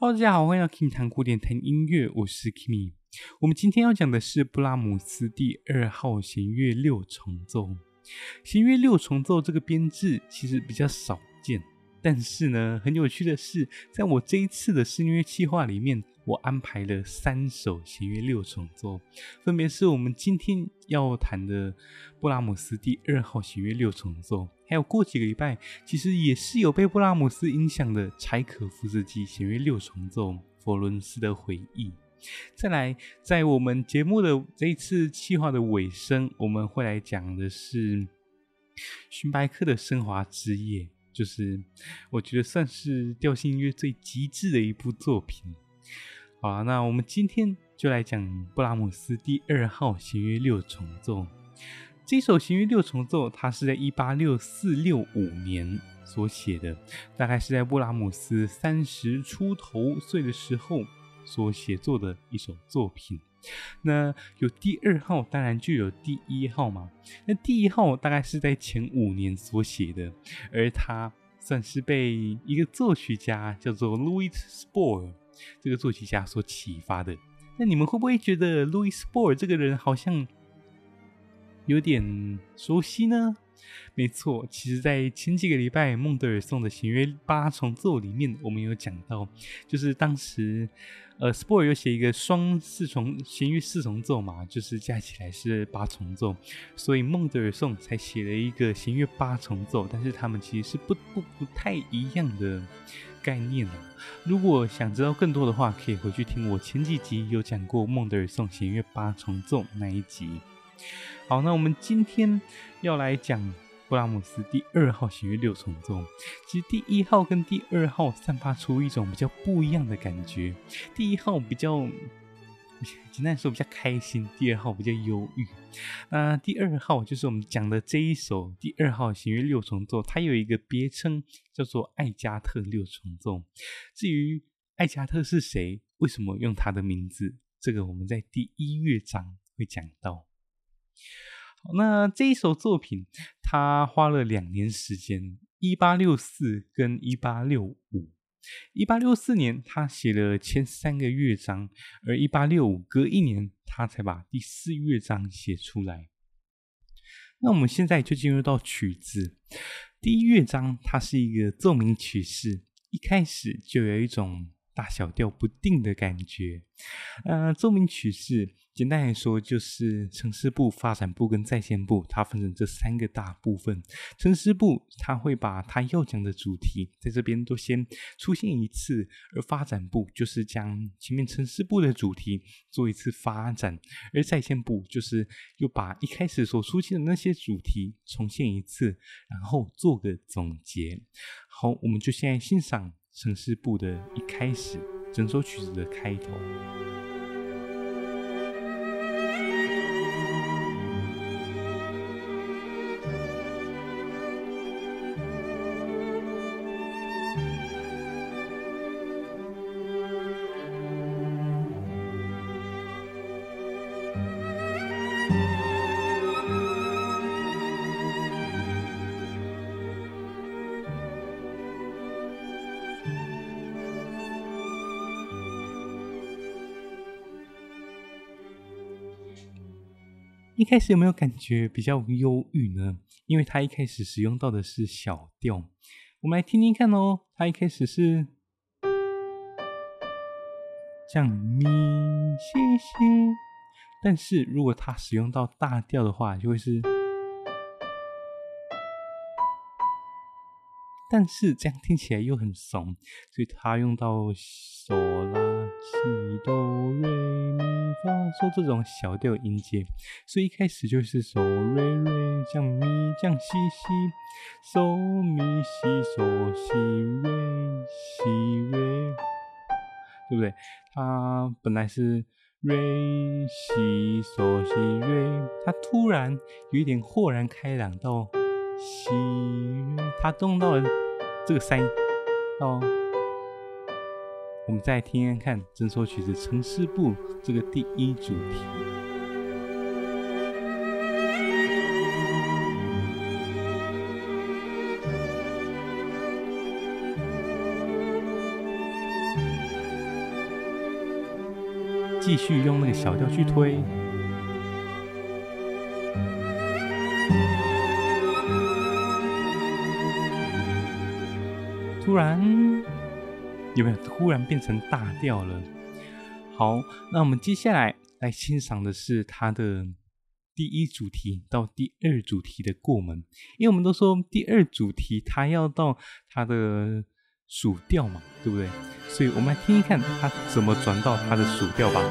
Hello，大家好，歡迎來到 Kimi 談古典談音樂，我是 Kimi。我們今天要講的是布拉姆斯第二號弦樂六重奏。弦樂六重奏這個編制其實比較少見，但是呢，很有趣的是，在我這一次的室內樂計劃裡面，我安排了三首弦樂六重奏，分別是我們今天要談的布拉姆斯第二號弦樂六重奏，還有過幾個禮拜其實也是有被布拉姆斯影響的柴可夫斯基弦樂六重奏《佛倫斯的回憶》。再來，在我們節目的這一次企劃的尾聲，我們會來講的是荀白克的《升華之夜》，就是我覺得算是調性音樂最極緻的一部作品。好了，那我們今天就來講布拉姆斯第二號弦樂六重奏。這首弦樂六重奏，它是在一八六四六五年所寫的，大概是在布拉姆斯三十出頭歲的時候所寫作的一首作品。那有第二號，當然就有第一號嘛。那第一號大概是在前五年所寫的，而他算是被一個作曲家叫做 Louis Spohr。這個作曲家所啟發的，那你們會不會覺得 Louis Spohr 這個人好像有點熟悉呢？沒錯，其實，在前幾個禮拜孟德爾頌的弦樂八重奏裡面，我們有講到，就是當時呃 Spohr 有寫一個雙四重弦樂四重奏嘛，就是加起來是八重奏，所以孟德爾頌才寫了一個弦樂八重奏，但是他們其實是不不不太一樣的。概念了，哦，如果想知道更多的話，可以回去聽我前幾集有講過孟德爾頌弦樂八重奏那一集。好，那我們今天要來講布拉姆斯第二號弦樂六重奏。其實第一號跟第二號散發出一種比較不一樣的感覺，第一號比較。簡單來說，比較開心。第二號比較憂鬱。那第二號就是我們講的這一首《第二號弦樂六重奏》，它有一個別稱叫做《艾加特六重奏》。至於艾加特是誰，為什麼用他的名字，這個我們在第一樂章會講到。好，那這一首作品，他花了兩年時間，一八六四跟一八六五。一八六四年，他寫了前三個樂章，而一八六五隔一年，他才把第四樂章寫出來。那我們現在就進入到曲子。第一樂章，它是一個奏鳴曲式，一開始就有一種。大小調不定的感覺。呃，奏鳴曲式簡單來說就是呈示部、發展部跟再現部，它分成這三個大部分。呈示部它會把它要講的主題在這邊都先出現一次，而發展部就是將前面呈示部的主題做一次發展，而再現部就是又把一開始所出現的那些主題重現一次，然後做個總結。好，我們就先來欣賞。呈示部的一開始，整首曲子的開頭。開始有沒有感覺比較憂鬱呢？因為它一開始使用到的是小調，我們來聽聽看哦。它一開始是這樣，咪西西，但是如果它使用到大調的話，就會是。但是這樣聽起來又很慫，所以他用到嗦啦西哆瑞咪發，嗦這種小調音階，所以一開始就是嗦瑞瑞降咪降西西嗦咪西嗦西瑞西瑞，對不對？他本來是瑞西嗦西瑞，他突然有一點豁然開朗到。行，他動到了這個三，哦，我們再聽聽看整首曲子《真說，其實呈示部這個第一主題，繼續用那個小調去推。突然，有沒有突然變成大調了？好，那我們接下來來欣賞的是它的第一主題到第二主題的過門，因為我們都說第二主題它要到它的屬調嘛，對不對？所以我們來聽一看它怎麼轉到它的屬調吧。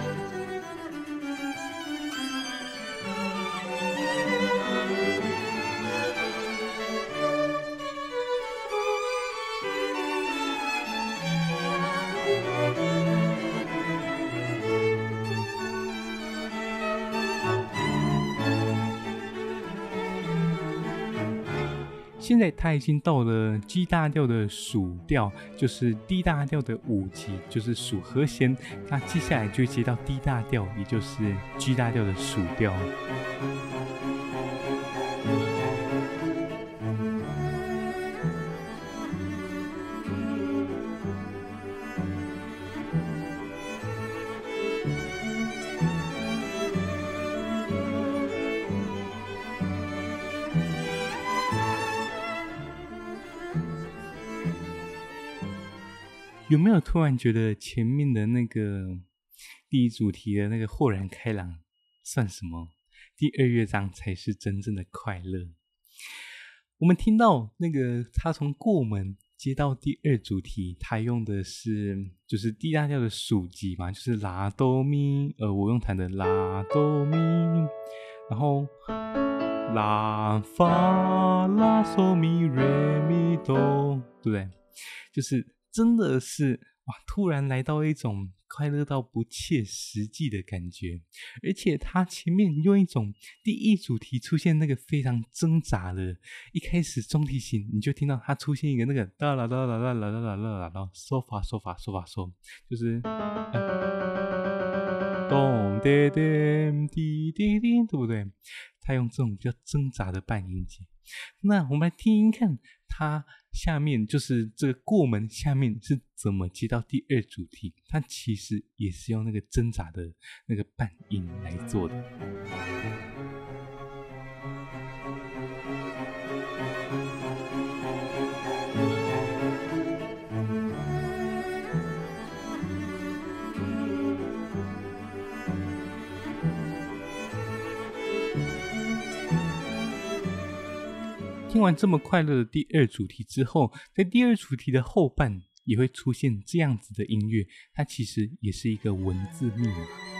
它已經到了 G 大調的屬調，就是 D 大調的五級，就是屬和弦。那接下來就接到 D 大調，也就是 G 大調的屬調。有沒有突然覺得前面的那個第一主題的那個豁然開朗算什麼？第二樂章才是真正的快樂。我們聽到那個他從過門接到第二主題，他用的是就是 D 大調的屬級嘛，就是拉哆咪，呃，我用彈的拉哆咪。然後拉發拉嗦咪，瑞咪哆，對不對？就是。真的是哇！突然來到一種快樂到不切實際的感覺，而且他前面用一種第一主題出現那個非常掙扎的，一開始中提琴你就聽到他出現一個那個噠啦噠啦噠啦噠啦噠啦啦，嗦發嗦發嗦發嗦，就是咚噠噠滴滴滴，對不對？他用這種比較掙扎的半音階。那我們來聽一看，它下面就是這個過門，下面是怎麼接到第二主題？它其實也是用那個掙扎的那個半音來做的。聽完這麼快樂的第二主題之後，在第二主題的後半也會出現這樣子的音樂，它其實也是一個文字密碼。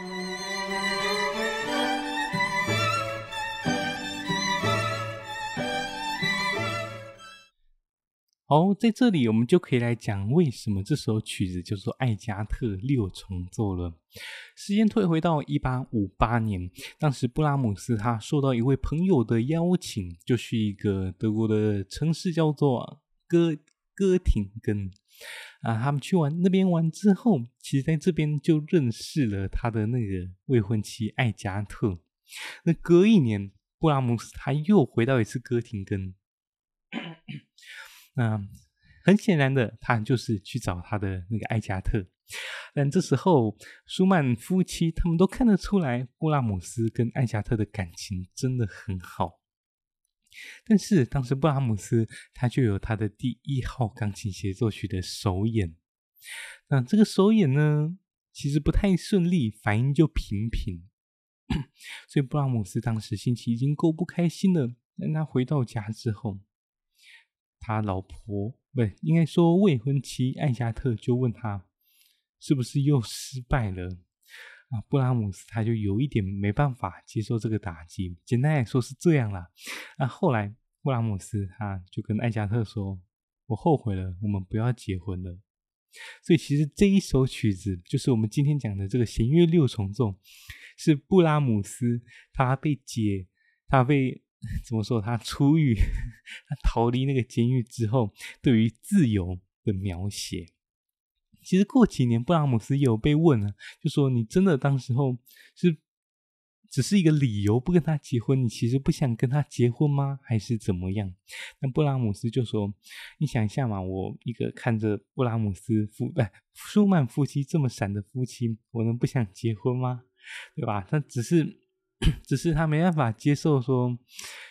好，在這裡我們就可以來講為什麼這首曲子叫做《艾加特六重奏》了。時間退回到一八五八年，當時布拉姆斯他受到一位朋友的邀請，就去一個德國的城市叫做哥哥廷根啊。他們去完那邊玩之後，其實在這邊就認識了他的那個未婚妻艾加特。那隔一年，布拉姆斯他又回到一次哥廷根。 那很顯然的，他就是去找他的那個艾加特。但這時候，舒曼夫妻他們都看得出來，布拉姆斯跟艾加特的感情真的很好。但是當時，布拉姆斯他就有他的第一號鋼琴協奏曲的首演。那這個首演呢，其實不太順利，反應就平平。所以布拉姆斯當時心情已經夠不開心了。但他回到家之後，他老婆不，應該說未婚妻艾加特就問他，是不是又失敗了？啊，布拉姆斯他就有一點沒辦法接受這個打擊。簡單來說是這樣啦。啊，後來布拉姆斯他就跟艾加特說：“我後悔了，我們不要結婚了。”所以其實這一首曲子就是我們今天講的這個弦樂六重奏，是布拉姆斯他被解，他被。怎麼說？他出獄，他逃離那個監獄之後，對於自由的描寫，其實過幾年，布拉姆斯也有被問了，就說：“你真的當時候是只是一個理由不跟他結婚？你其實不想跟他結婚嗎？還是怎麼樣？”那布拉姆斯就說：“你想一下嘛，我一個看着布拉姆斯夫舒曼夫妻這麼閃的夫妻，我能不想結婚嗎？對吧？他只是。”只是他沒辦法接受說，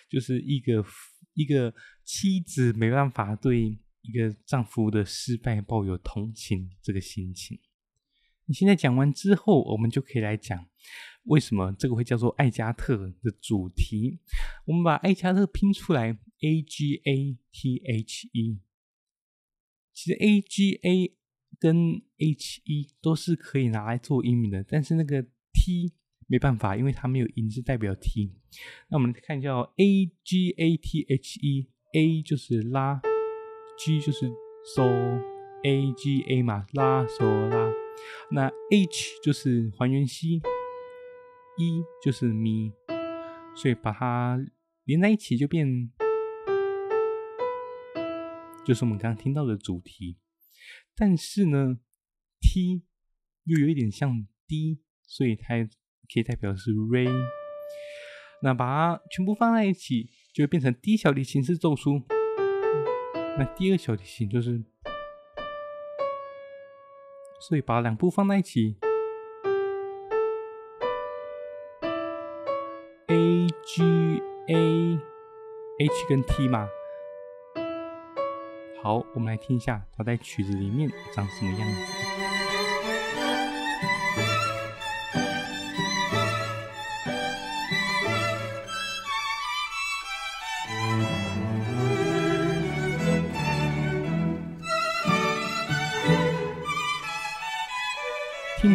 就是一個一個妻子沒辦法對一個丈夫的失敗抱有同情這個心情。你現在講完之後，我們就可以來講為什麼這個會叫做艾加特的主題。我們把艾加特拼出來，A G A T H E。其實 A G A 跟 H E 都是可以拿來做英語的，但是那個 T。沒辦法，因為它沒有“音”是代表 “t”。那我們看一下 “a g a t h e”，a 就是拉，g 就是嗦、so，a g a 嘛，拉嗦拉。那 h 就是還原 C，e 就是咪，所以把它連在一起就變，就是我們剛剛聽到的主題。但是呢，t 又有一點像 d，所以它。可以代表是 Ray，那把它全部放在一起，就會變成第一小提琴是奏出、嗯。那第二小提琴就是，所以把兩部放在一起，A G A H 跟 T 嘛。好，我們來聽一下它在曲子裡面長什麼樣子。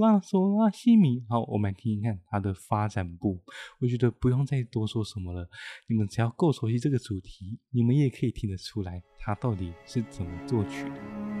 拉索拉西米，好，我們來聽聽看它的發展部。我覺得不用再多說什麼了，你們只要夠熟悉這個主題，你們也可以聽得出來它到底是怎麼作曲的。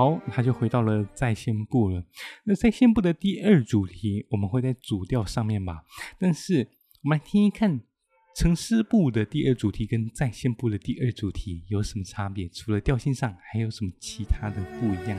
好，他就回到了再現部了。那再現部的第二主題，我們會在主調上面吧。但是，我們來聽一看，呈示部的第二主題跟再現部的第二主題有什麼差別？除了調性上，還有什麼其他的不一樣？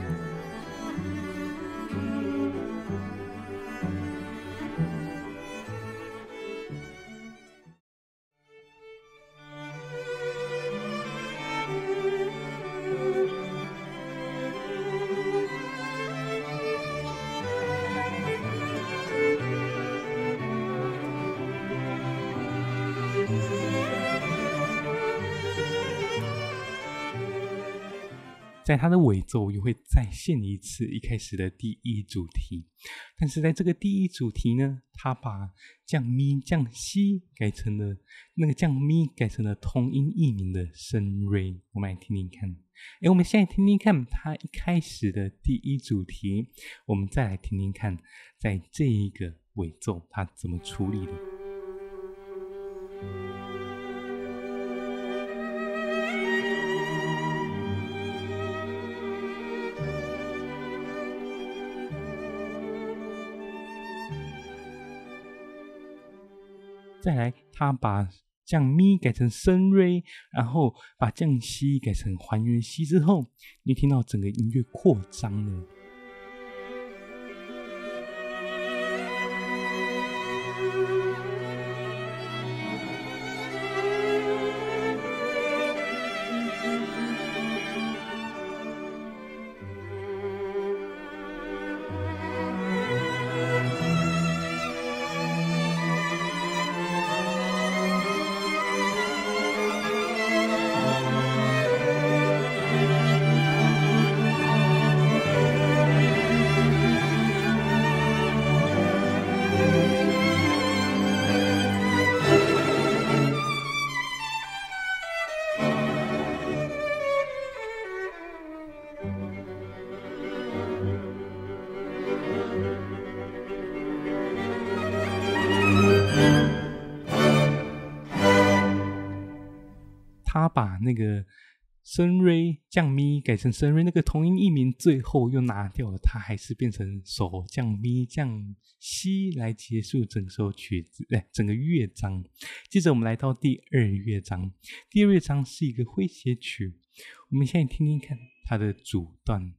在他的尾奏又會再現一次一開始的第一主題，但是在這個第一主題呢，他把降咪降西改成了那個降咪改成了同音異名的升 re。我們來聽聽看。哎、欸，我們現在聽聽看他一開始的第一主題，我們再來聽聽看在這一個尾奏他怎麼處理的。再來，他把降咪改成升瑞，然後把降西改成還原西之後，你聽到整個音樂擴張了。那個升瑞、降咪改成升瑞，那個同音異名，最後又拿掉了它，它還是變成索降咪、降西來結束整首曲子，哎、欸，整個樂章。接着我們來到第二樂章，第二樂章是一個詼諧曲，我們現在聽聽看它的主段。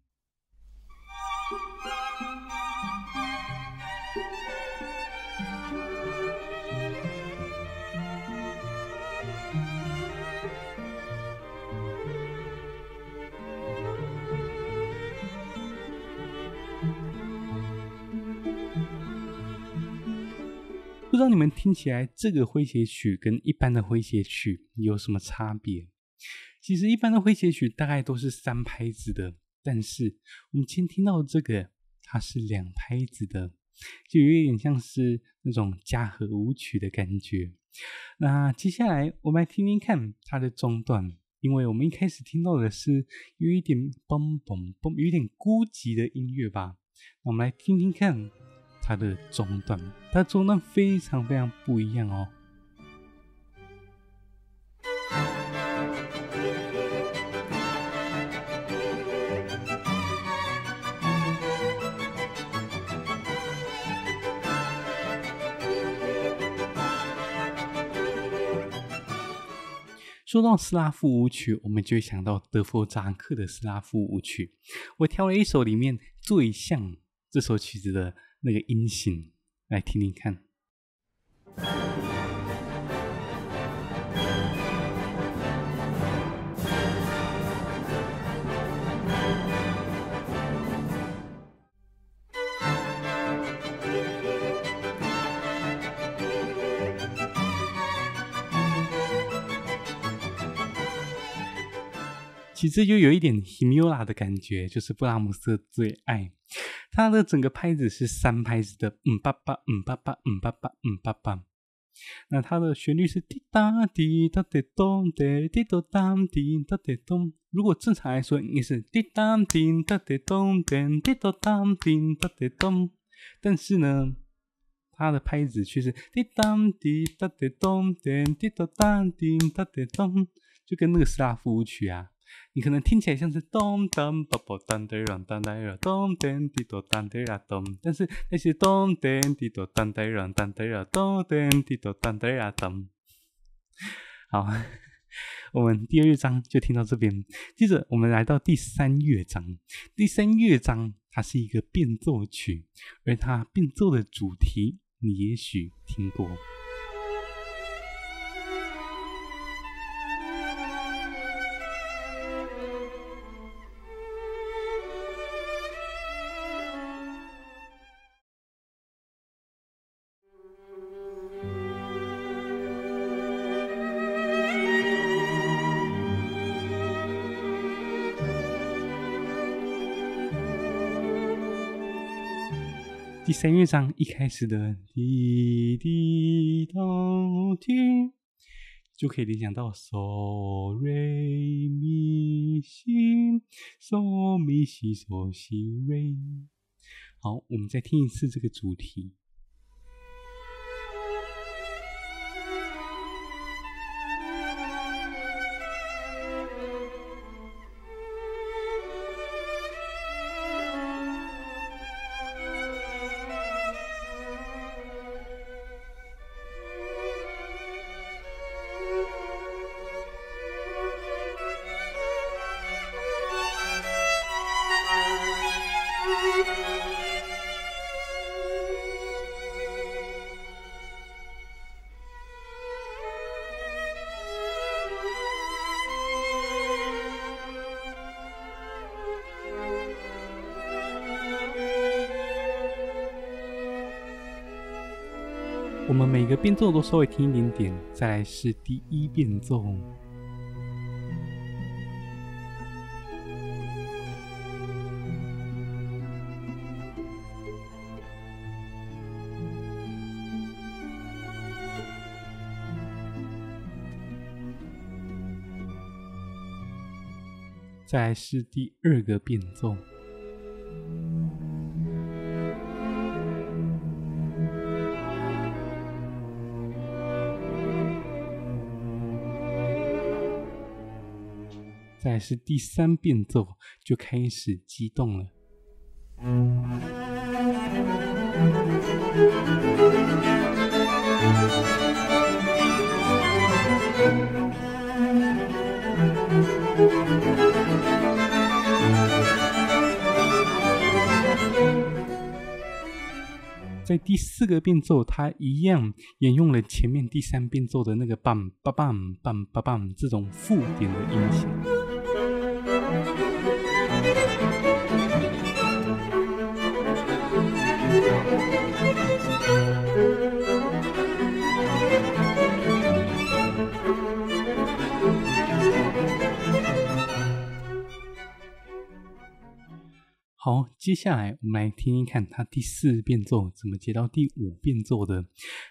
不知道你們聽起來這個詼諧曲跟一般的詼諧曲有什麼差別？其實一般的詼諧曲大概都是三拍子的，但是我們先聽到這個，它是兩拍子的，就有一點像是那種嘉禾舞曲的感覺。那接下來我們來聽聽看它的中段，因為我們一開始聽到的是有一點嘣嘣嘣，有一點孤寂的音樂吧。我們來聽聽看。它的中段，它中段非常非常不一樣哦。說到斯拉夫舞曲，我們就會想到德佛札克的斯拉夫舞曲。我挑了一首裡面最像這首曲子的。那個音型，來聽聽看。其實又有一點《Himura》的感覺，就是布拉姆斯的最愛。他的整個拍子是三拍子的，嗯叭叭，嗯叭叭，嗯叭叭，嗯叭叭。那它的旋律是滴答滴答滴咚滴滴咚當滴當滴咚。如果正常來說，應該是滴答滴當滴咚點滴咚當滴當滴咚。但是呢，他的拍子卻是滴答滴答滴咚點滴咚當滴當滴咚，就跟那個斯拉夫舞曲啊。你可能聽起來像是咚噔啵啵噔噔軟噔噔呀，咚噔咚咚噔噔呀咚。但是那些咚噔咚咚噔噔咚噔咚呀，咚噔嘀咚噔咚呀咚。好，我們第二樂章就聽到這邊。接着我們來到第三樂章。第三樂章它是一個變奏曲，而它變奏的主題你也許聽過。三樂章一開始的滴滴當聽，就可以聯想到嗦瑞咪西嗦咪西嗦西瑞。好，我們再聽一次這個主題。我們每個變奏都稍微聽一點點，再來是第一變奏，再來是第二個變奏。再是第三變奏就開始激動了，在第四個變奏，它一樣沿用了前面第三變奏的那個「bang bang bang bang bang」這種附點的音型。好，接下來我們來聽聽看他第四變奏怎麼接到第五變奏的。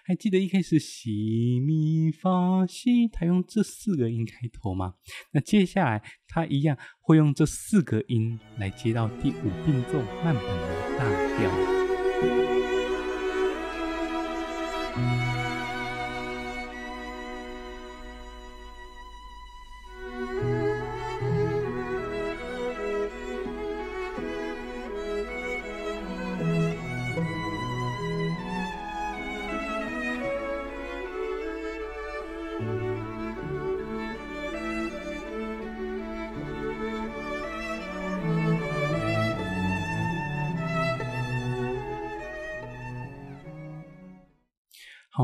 還記得一開始西咪發西，他用這四個音開頭嗎？那接下來他一樣會用這四個音來接到第五變奏慢板的大調。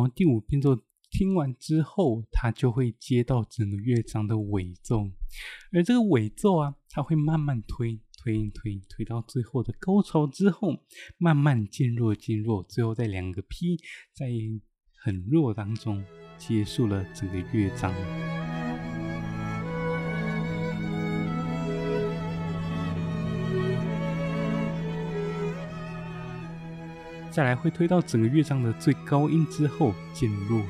然後第五變奏聽完之後，他就會接到整個樂章的尾奏，而這個尾奏啊，它會慢慢推推推推到最後的高潮之後，慢慢漸弱漸弱，最後在兩個 P 在很弱當中結束了整個樂章。再來會推到整個樂章的最高音之後漸弱。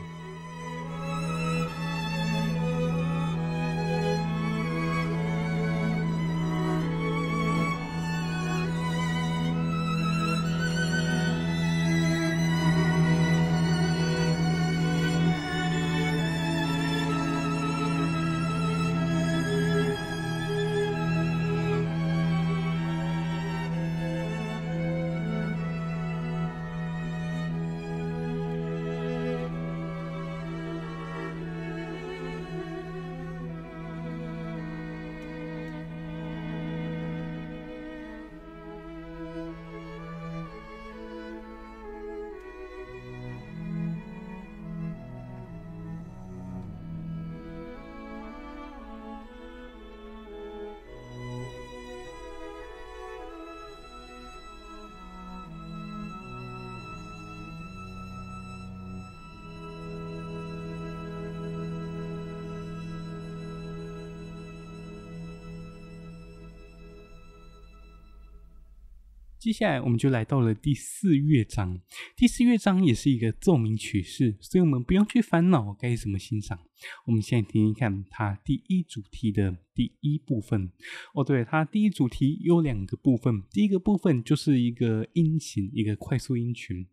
接下來我們就來到了第四樂章。第四樂章也是一個奏鳴曲式，所以我們不用去煩惱該怎麼欣賞。我們先聽聽看它第一主題的第一部分。哦，對，它第一主題有兩個部分，第一個部分就是一個音型，一個快速音群，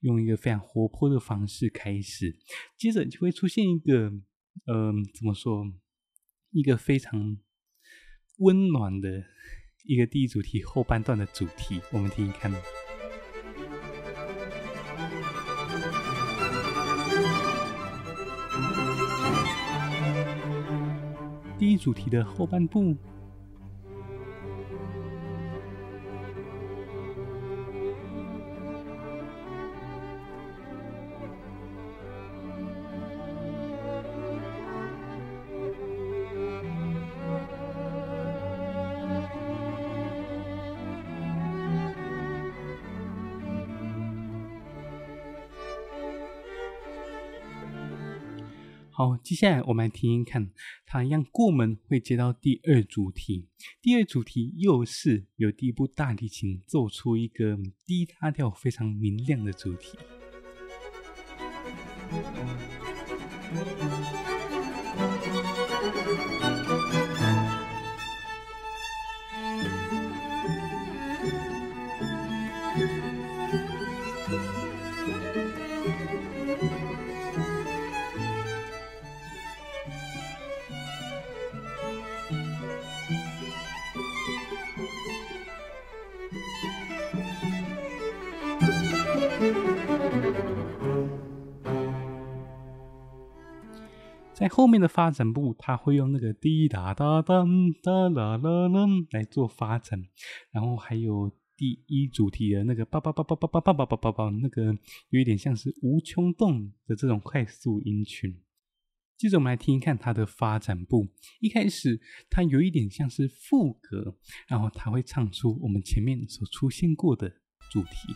用一個非常活潑的方式開始，接着就會出現一個，嗯，怎麼說，一個非常溫暖的。一個第一主題後半段的主題，我們聽聽看。第一主題的後半部。好，接下來我們來聽聽看，他一樣，過門會接到第二主題，第二主題又是由第一部大提琴奏出一個低八度非常明亮的主題。後面的發展部，它會用那個滴噠噠噠噠啦啦啦來做發展，然後還有第一主題的那個叭叭叭叭叭叭叭叭叭叭那個，有一點像是無窮動的這種快速音群。接着我們來聽一看它的發展部，一開始它有一點像是副歌，然後它會唱出我們前面所出現過的主題。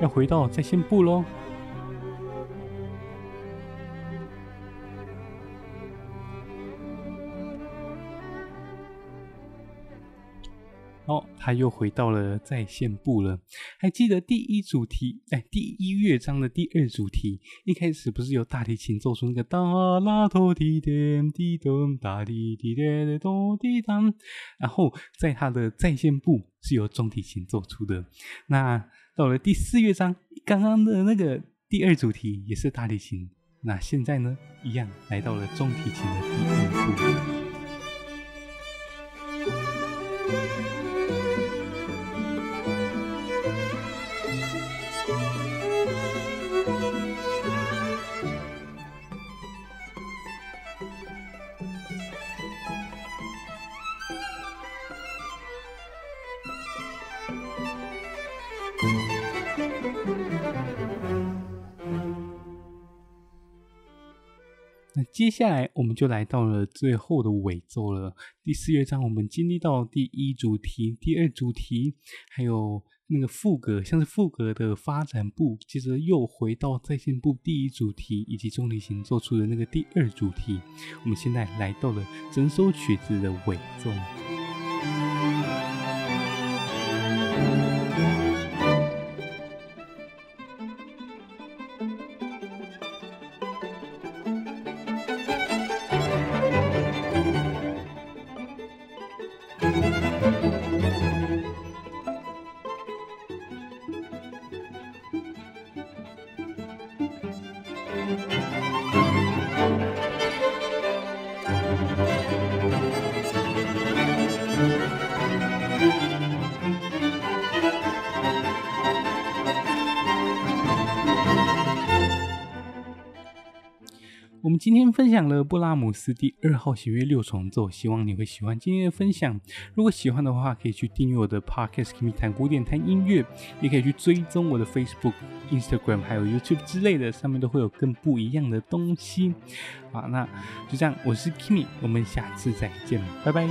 要回到再現部咯哦，他又回到了再現部了。還記得第一主題、哎？第一樂章的第二主題，一開始不是由大提琴奏出那個噠拉托滴點滴咚噠滴滴點噠滴咚？然後，在他的再現部是由中提琴奏出的。那。到了第四樂章，剛剛的那個第二主題也是大提琴，那現在呢，一樣來到了中提琴的第一部。接下來我們就來到了最後的尾奏了。第四樂章，我們經歷到第一主題、第二主題，還有那個賦格，像是賦格的發展部，接着又回到再現部第一主題，以及重疊型做出的那個第二主題。我們現在來到了整首曲子的尾奏。今天分享了布拉姆斯第二號弦樂六重奏，希望你會喜歡今天的分享。如果喜歡的話，可以去訂閱我的 Podcast《Kimi 談古典談音樂》，也可以去追蹤我的 Facebook、Instagram 還有 YouTube 之類的，上面都會有更不一樣的東西。好，那就這樣，我是 Kimi，我們下次再見，拜拜。